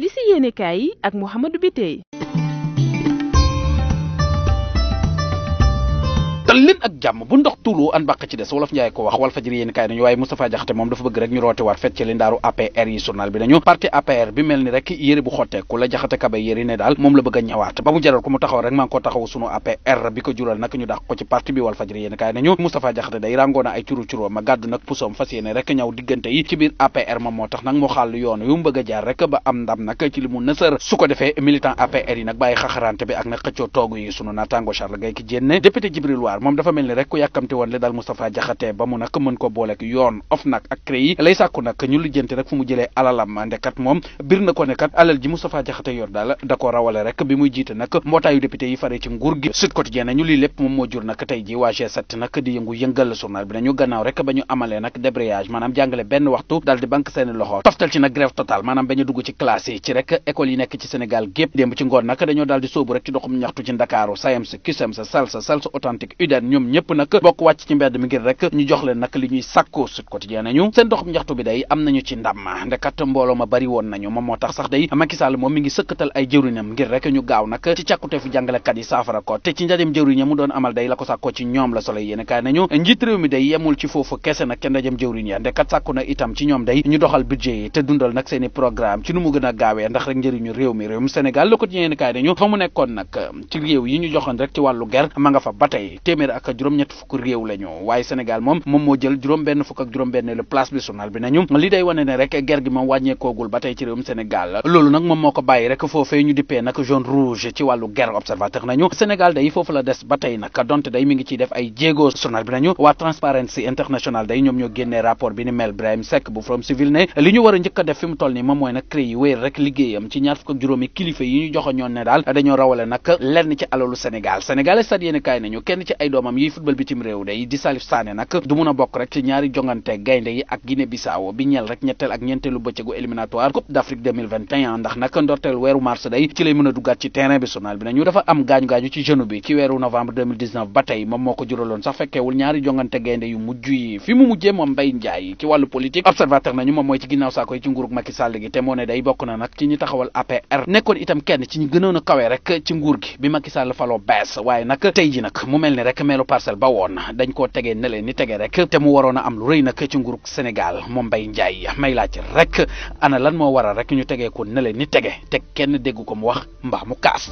li si yéenekaay yi ak Mouhamadou Biteye dal leen ak jàmm bu ndox tuuloo an bàq ci des wolof njaay ko wax wal fajiri yéen kaay nañu waaye Moustapha Jaxate moom dafa bëgg rek ñu a ba mu jaral ko mu taxaw rek maa ngi gàddu nag pusoom fas yéene rek ñaw diggante yi ci biir APR ma moo tax nag mu xàll yoon yu mu bëgg jaar rek ba am ndam nag ci li mu nësër su ko defee militant APR yi nag bàyyi xaxarante bi ak nag xëccoo toogu yi sunu naataango Charles Gaye ki jénne député Jibril moom dafa mel ni rek ku yàkkamti woon li daal Moustapha Diakhaté ba mu nag mën ko booleek yoon of nag ak cré lay sàkku nag ñu lijjanti rek fu mu jëlee alalam ndekat moom bir na ko ne alal ji Moustapha Diakhaté yor daal da ko rawale rek bi muy jiite nag mbootaayu député yi fare ci nguur gi Sud Quotidien ñu lii lépp moom moo jur nag tey ji waa g di yëngu-yëngal journal bi nañu gannaaw rek ba ñu amalee nag débrayage maanaam jàngale Tidiane ñoom ñëpp nag bokk wàcc ci mbedd mi ngir rek ñu jox leen nag li ñuy sàkkoo Sud nañu seen dox njaxtu bi day am nañu ci ndam ndekat mbooloo ma bari woon nañu moom moo tax sax day Macky Sall moom mi ngi sëkkatal ay jëwriñam ngir rek ñu gaaw nag ci càkkuteefu jàngalekat yi saafara ko te ci ndajem jëwriñam mu doon amal day la ko sàkkoo ci ñoom la Soleil yéen nañu njiit réew mi day yemul ci foofu kese nag ca ndajem jëwriñ ya ndekat a téeméer ak juróom-ñett fukk réew la waaye Sénégal moom moo jël juróom benn fukk ak juróom benn la place bi journal bi nañu li day wane ne rek ger gi moom wàññeekoogul ba tey ci réewum Sénégal loolu nag moom moo ko bàyyi rek foofee ñu dippee nag jaune rouge ci wàllu ger observateur nañu Sénégal day foofu la des ba tey nag donte day mi ngi ciy def ay jéego journal bi nañu waa Transparency International day ñoom ñoo génnee rapport bi ni mel Brahim Seck doomam yiy football bitim réew day di Salif Sané nag du mun a bokk rek ci ñaari jongante gaynde yi ak Guinée Bissau bi ñeel rek ñetteel ak ñeenteelu bëccëgu éliminatoire Coupe d'Afrique ndax ndorteel weeru mars day ci lay mën a duggaat ci terrain bi journal bi nañu dafa am gaañu-gaañu ci genou bi ci weeru novembre ba tey moom moo ko juraloon sax fekkeewul ñaari jongante gaynde yu mujj yi fi mu mujjee moom Mbaye Ndiaye yi ci nguurug Macky Sall gi rek meelu parcelle ba woon dañ koo tegee ne leen ni tegee rek te mu waroon a am lu rëy nag ci nguurug Sénégal moom Mbaye Ndiaye may laaj rek ana lan moo waral rek ñu tegee ko ne leen ni tege te kenn déggu ko mu wax mbaa mu kaas